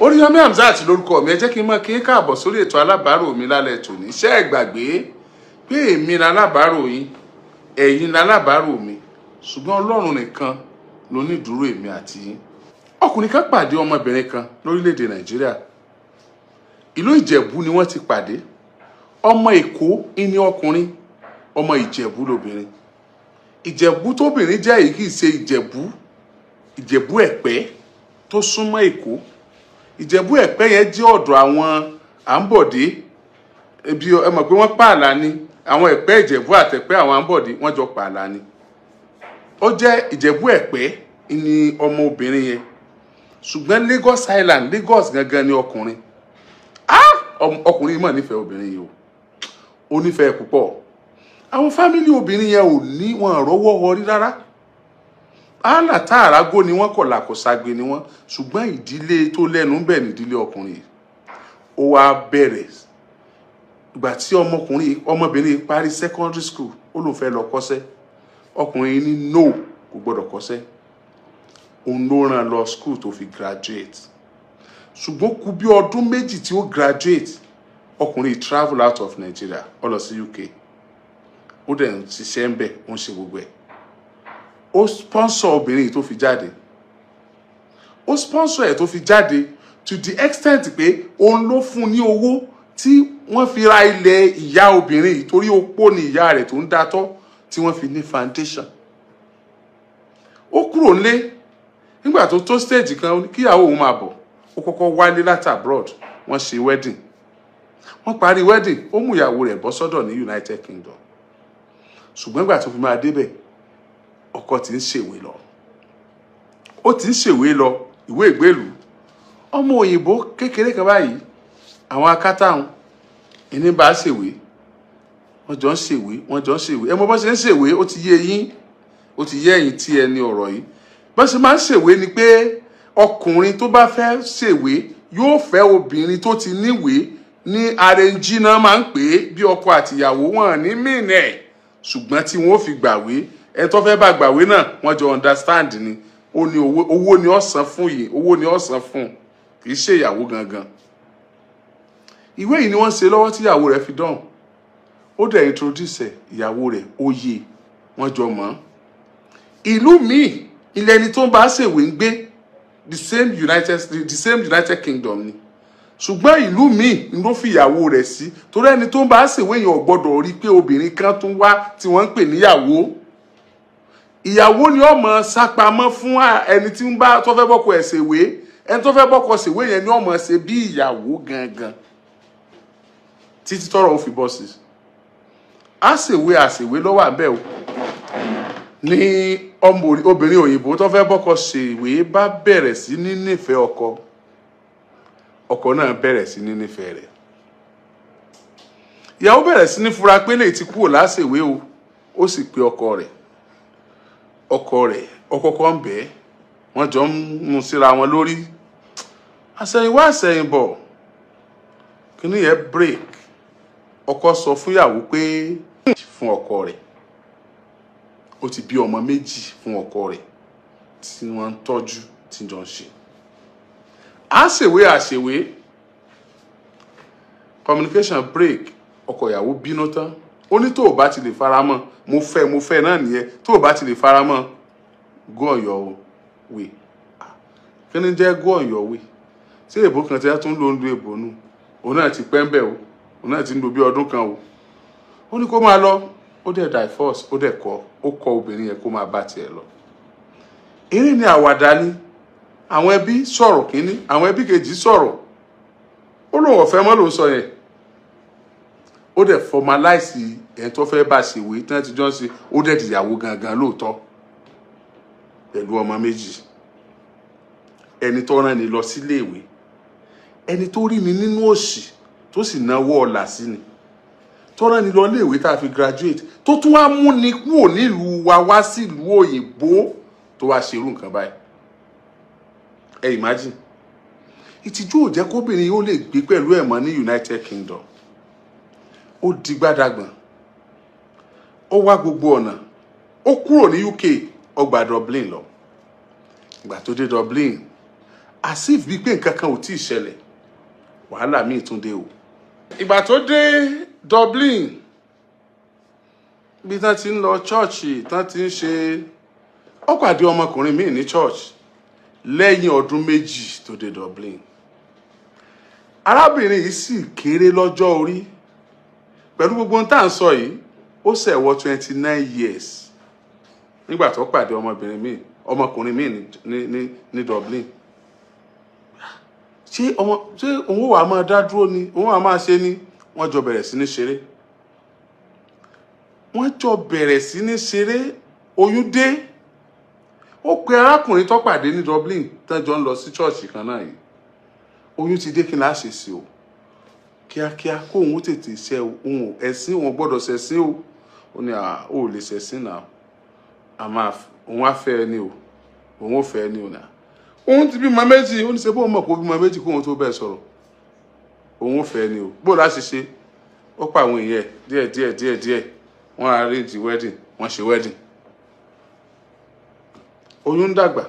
oríyọmí hamzat lórúkọ mi ẹ jẹ́ kí n mọ̀ kí n káàbọ̀ sórí ètò alábàárò mi lálẹ́ tòní ṣé ẹ gbàgbé pé èmi lálábàárò yín ẹ̀yin lálábàárò mi ṣùgbọ́n ọlọ́run nìkan ló ní ìdúró èmi àti yín ọkùnrin kan pàdé ọmọbìnrin kan lórílẹ̀‐èdè nàìjíríà ìlú ìjẹ̀bú ni wọ́n ti pàdé ọmọ èkó ìní ọkùnrin ọmọ ìjẹ̀bú lobìnrin ìjẹ̀bú tóbìnrin jẹ́ èyí kì í ṣe ìjẹ̀bú ìjẹ̀bú ẹ̀pẹ́ tó súnmọ́ èkó ìjẹ̀bú ẹ̀pẹ́ yẹn jẹ́ ọ̀dọ̀ àwọn àǹbọ̀dé ibi ẹ mọ̀ pé wọ́n pààlà ni àwọn ẹ̀pẹ́ ìjẹ̀bú àtẹ̀pẹ́ àwọn àǹbọ̀dé wọ́n jọ pààlà ni ó jẹ́ ìjẹ̀bú ẹ̀pẹ́ ni ọmọ obìnrin yẹn ṣùgbọ́n Lagos Island Lagos gangan ni ọkùnrin ọkùnrin mọ̀ nífẹ̀ẹ́ obìnrin yìí o ó nífẹ̀ẹ́ àwọn fámìlì obìnrin yẹn ò ní wọn rọ́wọ́ wọrí rárá hannah tààràgó ni wọ́n kọ̀là kò ságbe ni wọ́n ṣùgbọ́n ìdílé tó lẹ́nu ń bẹ̀ ní ìdílé o yìí ó wá bẹ̀rẹ̀ ìgbà tí ọmọkùnrin secondary school ó lóun fẹ́ lọ kọ́ṣẹ́ ọkùnrin yìí ní no kò gbọ́dọ̀ kọ́ṣẹ́ òun ló ràn lọ school tó fi graduate ṣùgbọ́n kù bí ọdún méjì tí ó graduate ọkùnrin travel out of Nigeria ó lọ sí UK ó dẹ̀ ń ṣiṣẹ́ ń bẹ̀ ó gbogbo ẹ̀ ó sponsor obìnrin yìí tó fi jáde ó sponsor ẹ̀ tó fi jáde to the extent pé òun ló fún ní owó tí wọ́n fi ra ilẹ̀ ìyá obìnrin yìí torí opó ni ìyá rẹ̀ tó ń datọ́ tí wọ́n fi ní foundation ó kúrò nílé nígbà tó tó stage kan kíyàwó òun máa bọ̀ ó kọ́kọ́ wálé láti abroad wọ́n ṣe wedding wọ́n parí wedding ó mú ìyàwó rẹ̀ bọ́ sọ́dọ̀ ní United Kingdom ṣùgbọ́n ìgbà tó fi máa débẹ̀ ọkọ ti ń ṣèwé lọ ó ti ń ṣèwé lọ ìwé ìgbélú ọmọ òyìnbó kékeré kan báyìí àwọn akátàhùn ìní bá ṣèwé wọn jọ ń ṣèwé wọn jọ ń ṣèwé ẹ mọ bó ṣe ń ṣèwé ó ti yé yín ó ti yé ẹ̀yin tí ẹni ọ̀rọ̀ yìí bó ṣe máa ń ṣèwé ni pé ọkùnrin tó bá fẹ́ ṣèwé yóò fẹ́ obìnrin tó ti níwèé ní arẹnjí náà máa ń pè é bí ọkọ àtìyàwó wọn ní mìíràn ṣùgbọ́n tí wọ́n fi gbàwé ẹ tó fẹ́ bá gbàwé náà wọ́n jọ understand ni ó ní owó owó ni ó san fún yìí owó ni ó san fún kì í ṣe ìyàwó gangan ìwé yìí ni wọ́n ṣe lọ́wọ́ tí ìyàwó rẹ̀ fi dọ̀hùn ó dẹ̀ introduce ìyàwó rẹ̀ oyè wọ́n jọ mọ́ ìlú míì ilẹ̀ ẹni tó ń bá ṣèwé ń gbé the same united the same united kingdom ni ṣùgbọ́n ìlú míì ni ló fi ìyàwó rẹ̀ sí torí ẹni tó ń bá ṣèwé yẹn ò gbọ́dọ̀ rí i pé obìnrin kan tún wá tí wọ́n ń pè níyàwó ìyàwó ni ó máa sápamọ́ fún ẹni tí ń bá tó fẹ́ bọ́kọ ẹ̀ ṣèwé ẹni tó fẹ́ bọ́kọ ṣèwé yẹn ni ó máa ṣe bí ìyàwó gangan títí tọrọ òfin bọ́ sí a ṣèwé àṣèwé lọ́wọ́ àbẹ́ o ní obìnrin òyìnbó tó fẹ́ bọ́kọ ṣèwé bá bẹ̀rẹ̀ sí ní nífẹ̀ẹ́ ọkọ ọkọ náà bẹ̀rẹ̀ sí ní nífẹ̀ẹ́ rẹ̀ ìyàwó bẹ̀rẹ̀ sí ní fura pé lè ti kúrò láṣèwé o ó sì pe ọkọ rẹ̀ ọkọ rẹ̀ ọkọkọ ń bẹ wọ́n jọ ń mu síra wọn lórí àsẹ̀yìnwá àsẹ̀yìnbọ̀ kíní yẹn break ọkọ sọ fúnyàwó pé hmm, fún ọkọ rẹ̀ ó ti bí ọmọ méjì fún ọkọ rẹ̀ tí wọ́n ń tọ́jú tí jọ ń ṣe à ń ṣèwé àṣèwé communication break ọkọ ìyàwó bínú tán ó ní tó o bá ti lè faramọ́ mo fẹ́ mo fẹ́ náà nìyẹn tó o bá ti lè faramọ́ go your way kí ni jẹ́ go your way ṣé èbó kan tí a tún lò ń lo èbó nù òun náà ti pẹ́ ń bẹ̀ o òun náà ti ń lo bí ọdún kan o ó ní kó máa lọ ó dẹ̀ divorce ó dẹ̀ kọ́ ó kọ́ obìnrin yẹn kó máa bá tiẹ̀ lọ eré ni àwàdà ni àwọn ẹbí sọ̀rọ̀ kínní àwọn ẹbí kejì sọ̀rọ̀ ó lóun ọ̀fẹ́ mọ́ ló sọ yẹn ó dẹ̀ formalize ẹ̀ tó fẹ́ bá ṣèwé tí wọ́n ti jọ ń ṣe ó dẹ̀ dìyàwó gangan lóòótọ́ pẹ̀lú ọmọ méjì ẹni tó rán ni lọ síléèwé ẹni tó rí ni nínú òṣì tó sì náwó ọ̀là sí ni tó rán ni lọ iléèwé tá a fi graduate tó tún wá mú ni kúrò nílùú wa wá sílùú òyìnbó tó wá ṣerú nǹkan báyìí ẹ imagine ìtìjú ò jẹ́ kóbìnrin yóò lè gbé pẹ̀lú ẹ̀mọ́ ní United Kingdom ó di gbádàgbọ̀n ó wá gbogbo ọ̀nà ó kúrò ní UK ó gba Dublin lọ ìgbà tó dé Dublin asif bíi pé nǹkan kan ò tí ì ṣẹlẹ̀ wàhálà míì tún dé o. ìgbà tó dé Dublin bí tán ti ń lọ chọ́ọ̀chì tán ti ń ṣe ó pàdé ọmọkùnrin míì ní church lẹ́yìn ọdún méjì tó dé Dublin arábìnrin yìí sì kéré lọ́jọ́ orí. pẹ̀lú gbogbo ohun tá à ń sọ yìí ó ṣẹ̀wọ́ twenty nine years nígbà tó pàdé ọmọbìnrin míì ọmọkùnrin míì ní ní ní Dublin ṣé ọmọ ṣé òun wàá máa dá dúró ni òun wàá máa ṣe ni wọ́n jọ bẹ̀rẹ̀ sí ní ṣeré wọ́n jọ bẹ̀rẹ̀ sí ní ṣeré oyún dé ó pe arákùnrin tó pàdé ní Dublin tán jọ ń lọ sí ṣọ́ọ̀ṣì kan náà yìí oyún ti dé kí n láṣẹ sí o kíákíá kóun ó tètè ṣe ohun ẹ̀sìn òun gbọ́dọ̀ ṣẹ̀sìn o ó ní ó lè ṣẹ̀sìn náà a máa òun á fẹ́ ẹni o òun ò fẹ́ ẹni o náà òun ti bímọ méjì ó ní ṣe bóun mọ̀ kó bímọ méjì kóun tó bẹ́ẹ̀ sọ̀rọ̀ òun ò fẹ́ ẹni o bó láti ṣe ó pa àwọn èèyàn díẹ̀ díẹ̀ díẹ̀ díẹ̀ wọ́n arrange wedding wọ́n ṣe wedding oyún ń dàgbà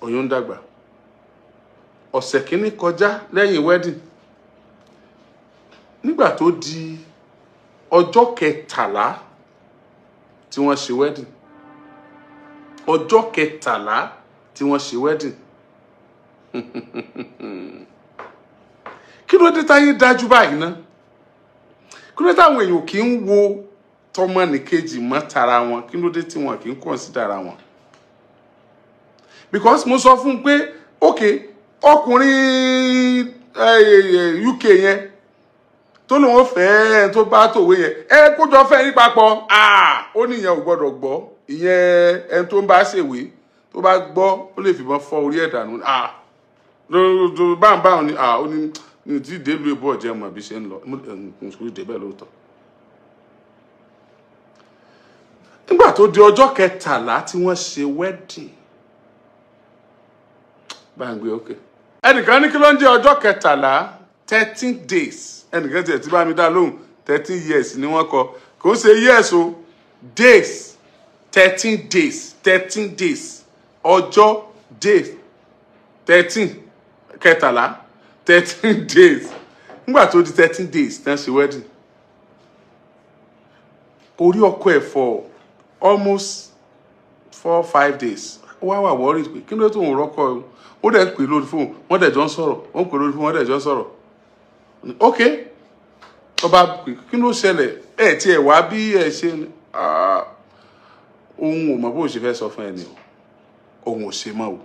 oyún ń dàgbà ọ̀sẹ̀ kìíní kọjá lẹ́yìn wedding nígbà tó di ọjọ́ kẹtàlá tí wọ́n ṣe wedding ọjọ́ kẹtàlá tí wọ́n ṣe wedding kí ló dé táyé dájú báyìí ná kí ló dé táwọn èèyàn kì í wo tọmọnìkejì mọ́ tara wọn kí ló dé tí wọn kì í kọ̀ǹsídàra wọn because mo sọ fún un pé ok ọkùnrin eh, eh, UK yẹn tó lòun ò fẹ́ ẹ tó bá tòwe yẹn ẹ kójọ fẹ́ yín papọ̀ ó ní ìyẹn ò gbọ́dọ̀ gbọ́ ìyẹn ẹni tó ń bá ṣèwé tó bá gbọ́ ó lè fìbọn fọ orí ẹ̀ dànù báńbáwọn ni ó ní ní tí ìdèlú ìbò ọ̀jẹ̀ mọ̀ bí ṣe ń lọ nítorí débẹ̀ lóòótọ́. nígbà tó di ọjọ́ kẹtàlá tí wọ́n ṣe wedding báńgbé ókè ẹnìkan ní kí ló ń jẹ́ ọjọ́ kẹtàlá thirteen days ẹnìkan tiẹ̀ ti bá mi dá lóhùn thirteen years ni wọ́n kọ kò ń ṣe years o days thirteen days thirteen days ọjọ́ days thirteen kẹtàlá thirteen days nígbà tó di thirteen days tán ṣe wedding orí ọkọ ẹ̀ for almost four five days wá wà worried pé kí ló tó ń rọ́kọ̀ ó dẹ̀ ń pè lórí fóònù wọ́n dẹ̀ jọ ń sọ̀rọ̀ wọ́n pè lórí fóònù wọ́n dẹ̀ jọ ń sọ̀rọ̀ ok ọba kí ló ṣẹlẹ̀ ẹ tí ẹ wá bí ẹ ṣe ohun ò mọ bó ṣe fẹ́ sọ fún ẹ ni o ohun ò ṣe mọ́ o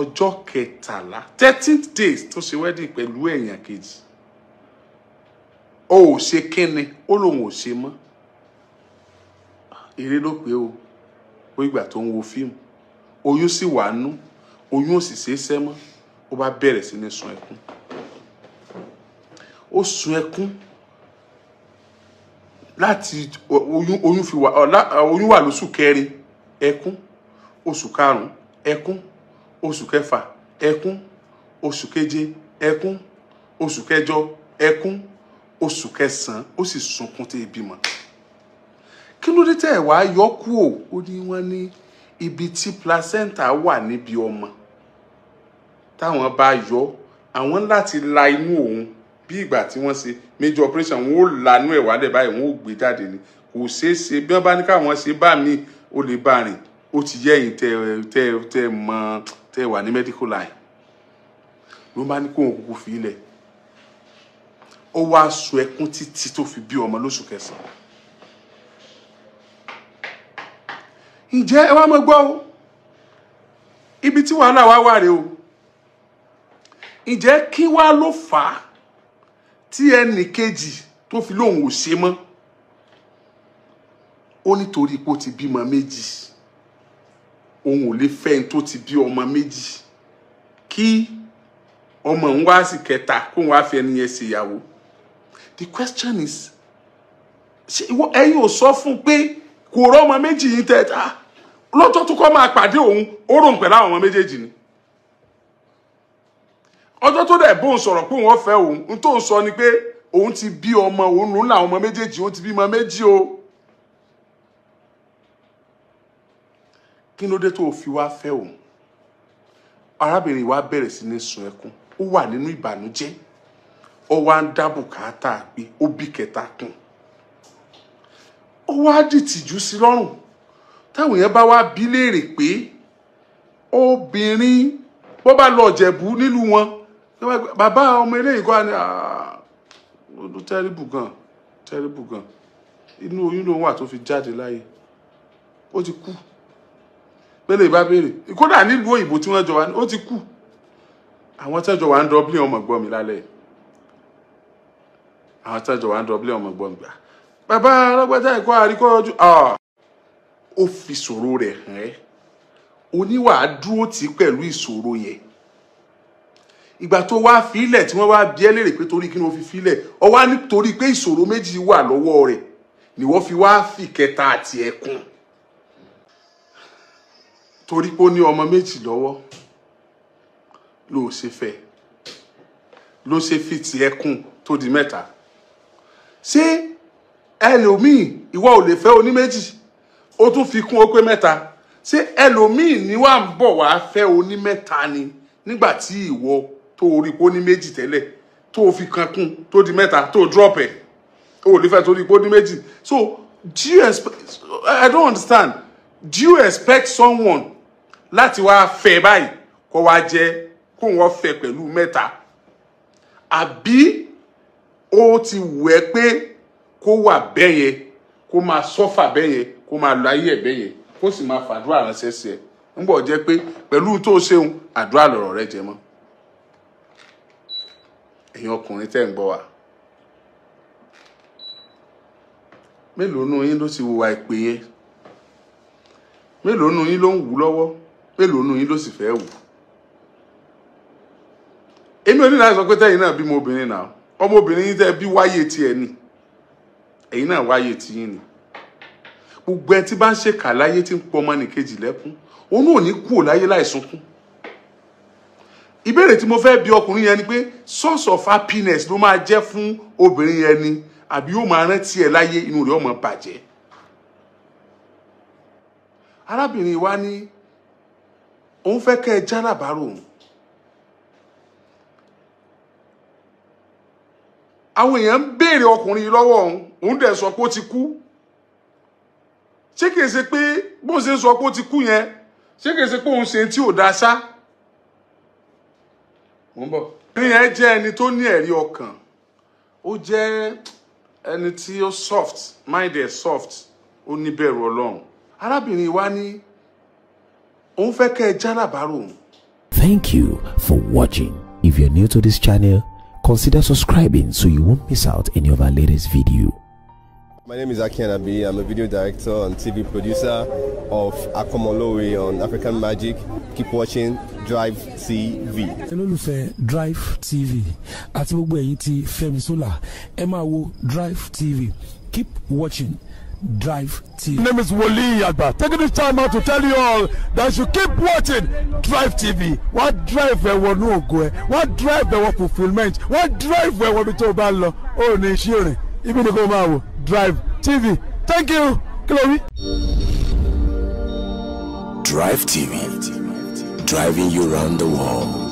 ọjọ́ kẹtàlá thirteenth days tó ṣe wedding pẹ̀lú èèyàn kejì o ò ṣe kínni ó lòun ò ṣe mọ́ eré ló pé o ó ìgbà tó ń wo fíìmù oyún sì wà nú oyún ò sì ṣe é sẹ́ mọ́ ó bá bẹ̀rẹ̀ sí ní sun ẹkún ó sun ẹkún láti oyún oyún fi wà oyún wà lóṣù kẹrin ẹkún oṣù karùnún ẹkún oṣù kẹfà ẹkún oṣù keje ẹkún oṣù kẹjọ ẹkún oṣù kẹsànán ó sì sunkún tẹ ìbímọ kí ló dé tẹ ẹ wá yọ kú o ó ní wọn ní ibi tí placenta wà níbi ọmọ táwọn bá yọ àwọn láti la inú òun bí ìgbà tí wọ́n ṣe major operation wọn ó lanú ẹ̀ wálẹ̀ báyìí wọn ó gbé jáde ni kò ṣeé ṣe bí wọ́n bá ní káwọn ṣe bá mi ó lè bá rìn ó ti yẹ yín tẹ tẹ tẹ mọ tẹ wà ní medical line ló bá ní kóhun kúkú fi ilẹ̀ ó wá sọ ẹkún títí tó fi bí ọmọ lóṣù kẹsàn-án ǹjẹ́ ẹ wá mọ́ gbọ́ o ibi tí wàhálà wá wà rèé o ǹjẹ́ kí wá ló fà á tí ẹnì kejì tó fi lóun ò ṣe mọ́ ó nítorí pé ó ti bímọ méjì òun ò lè fẹ́ ẹni tó ti bí ọmọ méjì kí ọmọ ń wá sí kẹta kó wá fi ẹni yẹn ṣèyàwó the question is ṣé ẹ̀yin ò sọ fún pé kò rọ ọmọ méjì yìí tẹ ah, lọ́jọ́ tó kọ́ máa pàdé òun ó rò ń pẹ̀lú àwọn ọmọ méjèèjì ni ọjọ́ tó dẹ̀ bóun sọ̀rọ̀ pé wọ́n fẹ́ òun n tó ń sọ ni pé òun ti bí ọmọ òun lòun làwọn ọmọ méjèèjì òun ti bí ọmọ méjì o kí ló dé tó o fi wá fẹ́ òun arábìnrin wa bẹ̀rẹ̀ sí ní sun ẹkún ó wà nínú ìbànújẹ́ ó wá ń dá bùkátà pé ó bí kẹta kún ó wá dìtìjú sí lọ́rùn táwọn yẹn bá wá bí léèrè pé obìnrin bó bá lọ jẹ̀bú nílùú wọn bàbá ọmọ eléyìí kọ́ ni ó tẹ́rìbù gan tẹ́rìbù gan inú oyún lòun wà tó fi jáde láyé ó ti kú pélé ìbá béèrè kódà nílùú òyìnbó tí wọ́n jọ wá ó ti kú àwọn tẹ́jọ wà ń dọ́blé ọmọ gbọ́ mi lálẹ́ àwọn tẹ́jọ wà ń dọ́blé ọmọ gbọ́ mi gbà ah, bàbá alágbájá ẹ̀kọ́ àríkọ́ ọjọ́ ah, ó fi ìṣòro rẹ̀ hàn ẹ́ oníwà dúró tì pẹ̀lú ìṣòro yẹn ìgbà tó wá fílẹ̀ tí wọ́n wá bí ẹ́ lérè pé torí kí ni wọ́n fi fílẹ̀ ọ wá nítorí pé ìṣòro méjì wà lọ́wọ́ rẹ̀ ni wọ́n fi wá fi kẹta àti ẹ̀kún torí pé ó ní ọmọ méjì lọ́wọ́ ló ṣe fẹ́ ló ṣe fi ti ẹ̀kún tó di mẹ́ta ṣé ẹlòmíì ìwọ ò lè fẹ́ oní méjì ó tún fi kún ó pé mẹ́ta ṣé ẹlòmíì ni wà ń bọ̀ wá fẹ́ oní mẹ́ta ni nígbà tí ìwọ tó orí pó ní méjì tẹ́lẹ̀ tó fi kan tó di mẹ́ta tó drop ẹ̀ o ò lè fẹ́ torí pó ní méjì so do you expect i don't understand do you expect someone láti wá fẹ́ báyìí kó wá jẹ́ kó wọ́n fẹ́ pẹ̀lú mẹ́ta àbí ó ti wù ẹ́ pé kó wà bẹ́ẹ̀ yẹn kó máa sọ́fà bẹ́ẹ̀ yẹn kó máa lo ayé ẹ̀ bẹ́ẹ̀ yẹn kó sì máa fàdúrà ránṣẹ́ sí ẹ ń bọ̀ jẹ́ pé pẹ̀lú tó o ṣeun àdúrà lọ̀rọ̀ rẹ jẹ mọ́. èèyàn ọkùnrin tẹ́ ń gbọ́ wa mélòó nù yín ló ti wùwà ìpè yẹn mélòó nù yín ló ń wù lọ́wọ́ mélòó nù yín ló sì fẹ́ wù èmi ò ní láti sọ pé tẹ́yìn náà bímọ obìnrin náà tẹ́ bí wáyé gbogbo ẹ tí bá ń láyé tí ń pọ ọmọ nìkejì lẹ́kún òun náà ò ìbéèrè tí mo fẹ́ bi ọkùnrin yẹn ni pé source of happiness ló máa jẹ́ fún obìnrin yẹn ni àbí yóò máa rántí ẹ láyé inú rẹ̀ ó máa bàjẹ́ arábìnrin wa ní òun fẹ́ kẹ́ ẹ járàbárò òun àwọn èèyàn ń béèrè ọkùnrin lọ́wọ́ òun òun dẹ̀ sọ pé ó ti kú ṣé kìí ṣe pé bóun ṣe ń sọ pé ó ti kú yẹn ṣé kìí ṣe pé òun ṣe tí ò dáa ṣáá mo bọ̀. ìyẹn jẹ́ ẹni tó ní ẹ̀rí ọkàn ó jẹ́ ẹni tí ó soft mind ẹ̀ soft ó níbẹ̀rù ọlọ́run arábìnrin wa ní òun fẹ́ kẹ́ ẹ jálàbárò. Thank you for watching. If you're new to this channel, consider subscribing so you won't miss out any of our latest videos. My name is Akian Anabi. I'm a video director and TV producer of Akomolowe on African Magic. Keep watching Drive TV. olólùfẹ́ Drive TV àti gbogbo ẹ̀yin tí Fẹ́mi Sola ẹ Drive TV keep watching. Drive TV. My name is Wole Yagba. Taking this time out to tell you all that you keep watching Drive TV. What drive ẹ̀wọ̀ will ògo go? What drive ẹ̀wọ̀ fulfilment, What drive ẹ̀wọ̀ bí tó o bá lọ, ó ní drive tv thank you kí drive tv driving you round the world.